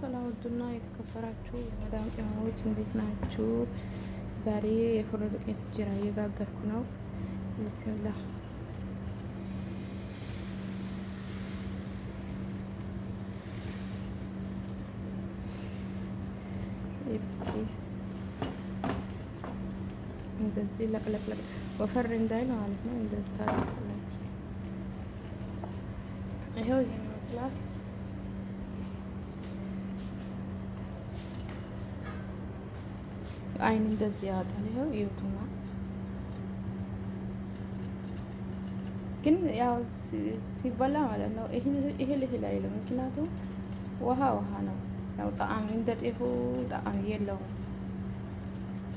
ሰላም ውድና የተከበራችሁ የመዳም ቅመሞች እንዴት ናችሁ? ዛሬ የፍርኖ ዱቄት እንጀራ እየጋገርኩ ነው። ብስሚላ እንደዚህ ለቅለቅለቅ ወፈር እንዳይ ነው ማለት ነው። እንደዚህ ታላላችሁ ይኸው ይመስላል አይን እንደዚህ ያወጣል። ይኸው ይሁትና ግን ያው ሲበላ ማለት ነው እህል እህል አይልም። ምክንያቱም ውሃ ውሃ ነው። ያው ጣዕም እንደ ጤፉ ጣዕም የለውም።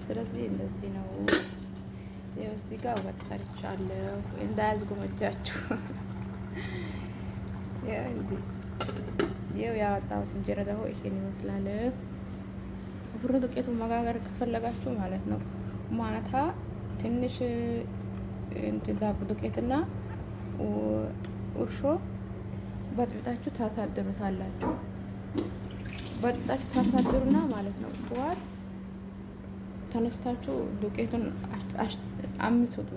ስለዚህ እንደዚህ ነው። ያው እዚህ ጋር ወጥ ሰርቻለሁ። እንዳያዝጎመጃችሁ ያው ያወጣሁት እንጀራ ደግሞ ይሄን ይመስላል። ብሩ ዱቄቱ መጋገር ከፈለጋችሁ ማለት ነው ማታ ትንሽ እንትዳብ ዱቄትና እርሾ በጥብጣችሁ ታሳድሩታላችሁ። በጥብጣችሁ ታሳድሩና ማለት ነው ጠዋት ተነስታችሁ ዱቄቱን አምስት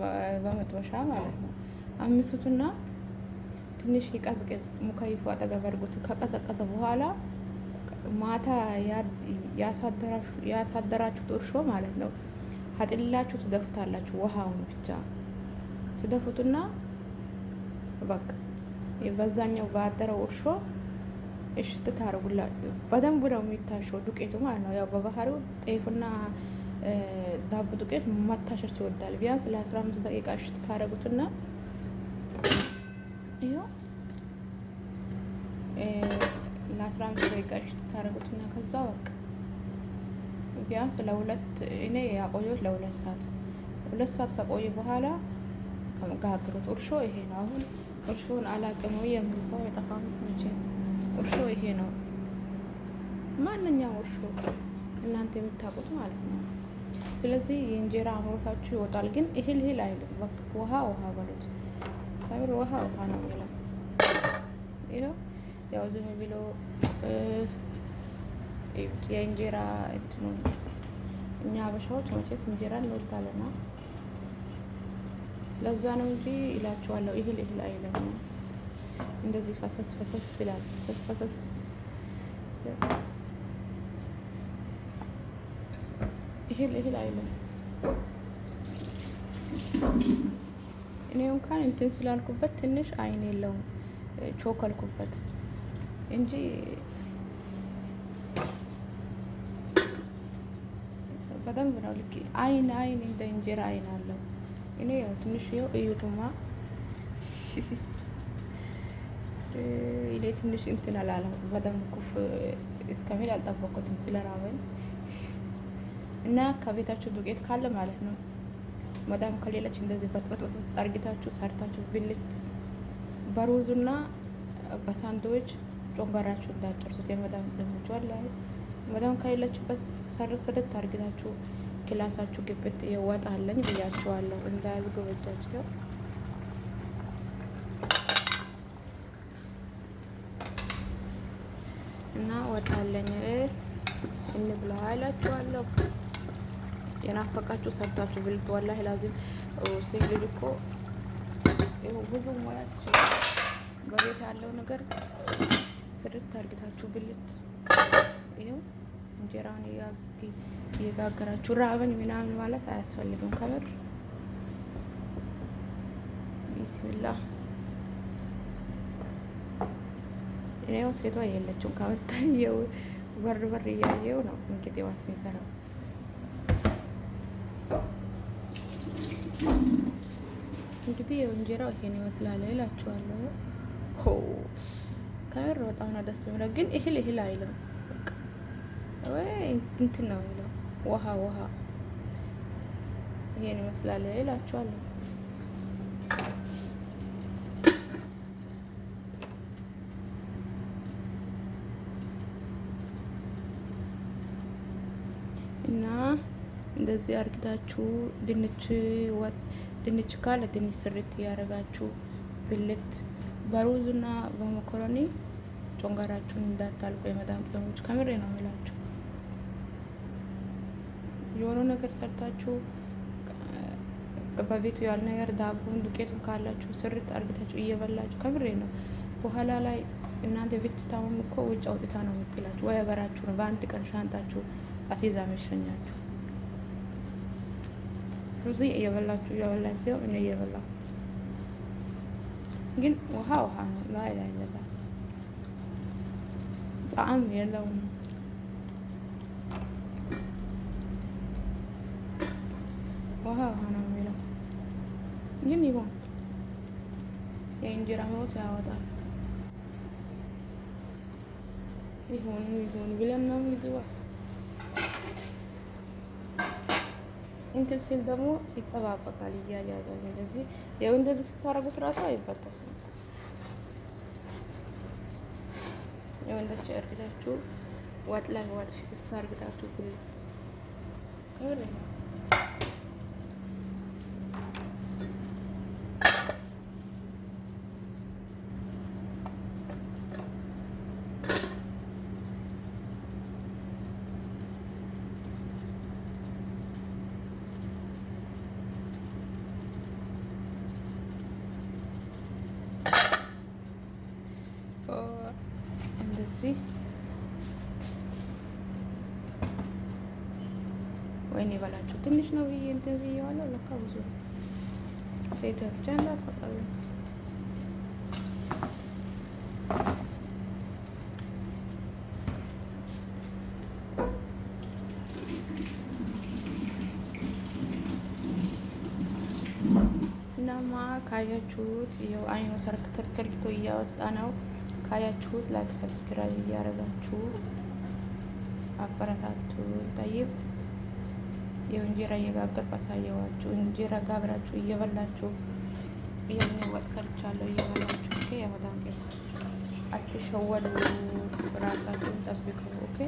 በመጥበሻ ማለት ነው። አምስቱና ትንሽ ይቀዝቅዝ፣ ሙከይፉ አጠገብ አድርጉት። ከቀዘቀዘ በኋላ ማታ ያሳደራችሁት እርሾ ማለት ነው አጥልላችሁ ትደፉታላችሁ። ውሃውን ብቻ ትደፉትና በቃ በዛኛው ባደረው እርሾ እሽት ታደርጉላችሁ። በደንቡ ነው የሚታሸው ዱቄቱ ማለት ነው። ያው በባህሪው ጤፍና ዳቦ ዱቄት መታሸት ይወዳል። ቢያንስ ለ አምስት ደቂቃ እሽት ታደርጉትና ይኸው አስራ አምስት ደቂቃ ሽት ታደርጉትና ከዛ በቃ ቢያንስ ለሁለት እኔ ያቆየሁት ለሁለት ሰዓት ሁለት ሰዓት ከቆየ በኋላ ከመጋግሩት እርሾ ይሄ ነው። አሁን እርሾን አላቅም ወይ የምንሰው የጠፋሁት መቼ እርሾ ይሄ ነው። ማንኛውም እርሾ እናንተ የምታውቁት ማለት ነው። ስለዚህ የእንጀራ አምሮታችሁ ይወጣል። ግን እህል እህል አይልም። በቃ ውሃ ውሃ በሉት። ከምር ውሃ ውሃ ነው የሚለው ይኸው ያው ዝም ብሎ የእንጀራ እንትኑ እኛ ሀበሻዎች መቼስ እንጀራ እንወዳለና ለዛ ነው እንጂ ይላችኋለሁ። እህል እህል አይለም እንደዚህ ፈሰስ ፈሰስ ይላል። ፈሰስ ፈሰስ እህል እህል አይለም። እኔ እንኳን እንትን ስላልኩበት ትንሽ አይን የለውም ቾከልኩበት እንጂ በደንብ ነው ልክ አይን አይን እንደ እንጀራ አይን አለው። እኔ ያው ትንሽ ይኸው እዩትማ እኔ ትንሽ እንትን አላለም። በደንብ ኩፍ እስከሚል አልጠበኩትም ስለራበኝ እና ከቤታችሁ ዱቄት ካለ ማለት ነው መዳም ከሌለች እንደዚህ በጥበጥበጥ አርግታችሁ ሰርታችሁ ብልት በሩዙና በሳንድዊች ጮንጋራችሁ እንዳጨርሱት የመዳም ልጆች ወላሂ መዳም ከሌላችሁበት ሰር ስደት አርግታችሁ ክላሳችሁ ግብት ይወጣለኝ ብያችኋለሁ። እንዳያዝጎበጃችሁ እና ወጣለኝ እንብላ እላችኋለሁ። የናፈቃችሁ ሰርታችሁ ብልት ወላሂ ላዚም ሴት ልጅ እኮ ብዙ ሙያ በቤት ያለው ነገር ጽድት አድርግታችሁ ብልት ይኸው እንጀራውን እየጋገራችሁ ራብን ምናምን ማለት አያስፈልግም። ከበር ቢስሚላህ እኔው ሴቷ የለችም። ከመታየው በር በር እያየው ነው እንግዲህ ዋስ የሚሰራው እንግዲህ እንጀራው ይሄን ይመስላል እላችኋለሁ። ስታየር በጣም ነው ደስ የሚለው። ግን እህል እህል አይልም ወይ እንትን ነው የሚለው ውሃ ውሃ። ይሄን ይመስላል እላችኋለሁ። እና እንደዚህ አርግታችሁ ድንች ወጥ ድንች ካለ ድንች ስርት እያደረጋችሁ ብልት በሩዝና በመኮረኒ ጮንጋራችሁን እንዳታልቁ የመዳም ቅመሞች፣ ከምሬ ነው የምላችሁ። የሆነ ነገር ሰርታችሁ በቤቱ ያለ ነገር ዳቦም ዱቄቱም ካላችሁ ስርት አርግታችሁ እየበላችሁ ከምሬ ነው። በኋላ ላይ እናንተ ብትታመሙ እኮ ውጭ አውጥታ ነው የምትላችሁ ወይ ሀገራችሁ ነው። በአንድ ቀን ሻንጣችሁ አስይዛ መሸኛችሁ። ሩዚ እየበላችሁ እየበላችሁ እኔ እየበላሁ ግን ውሃ ውሃ ነው ላይ ላይ ጣዕም የለውም። ውሃ ውሃ ነው የሚለው ግን ይሆን የእንጀራ መውት ያወጣል። ይሆን ይሆን ብለን ነው ምግባስ እንትን ሲል ደግሞ ይጠባበቃል፣ እያያዛል። እንደዚህ ያው እንደዚህ ስታረጉት ራሱ አይበጠስም። የወንዳችሁ አርግታችሁ ዋጥ ላይ ዋጥ ፍስስ አርግታችሁ ብሉት። እንደዚህ ወይኔ በላችሁ ትንሽ ነው ብዬ እንትን ብዬዋለሁ። ለካ ብዙ ሴት ብቻ እንዳታጠሉ። እናማ ካያችሁት ይኸው ተርክ ተርክልቶ እያወጣ ነው። ካያችሁት ላይክ፣ ሰብስክራይብ እያደረጋችሁ አበረታቱ። ጠይብ የእንጀራ እየጋገር ባሳየዋችሁ እንጀራ ጋብራችሁ እየበላችሁ ይህን ወጥ ሰርቻለሁ። እየበላችሁ ኦኬ። ያመዳንቄ አትሸወዱ፣ ራሳችሁን ጠብቁ ኦኬ።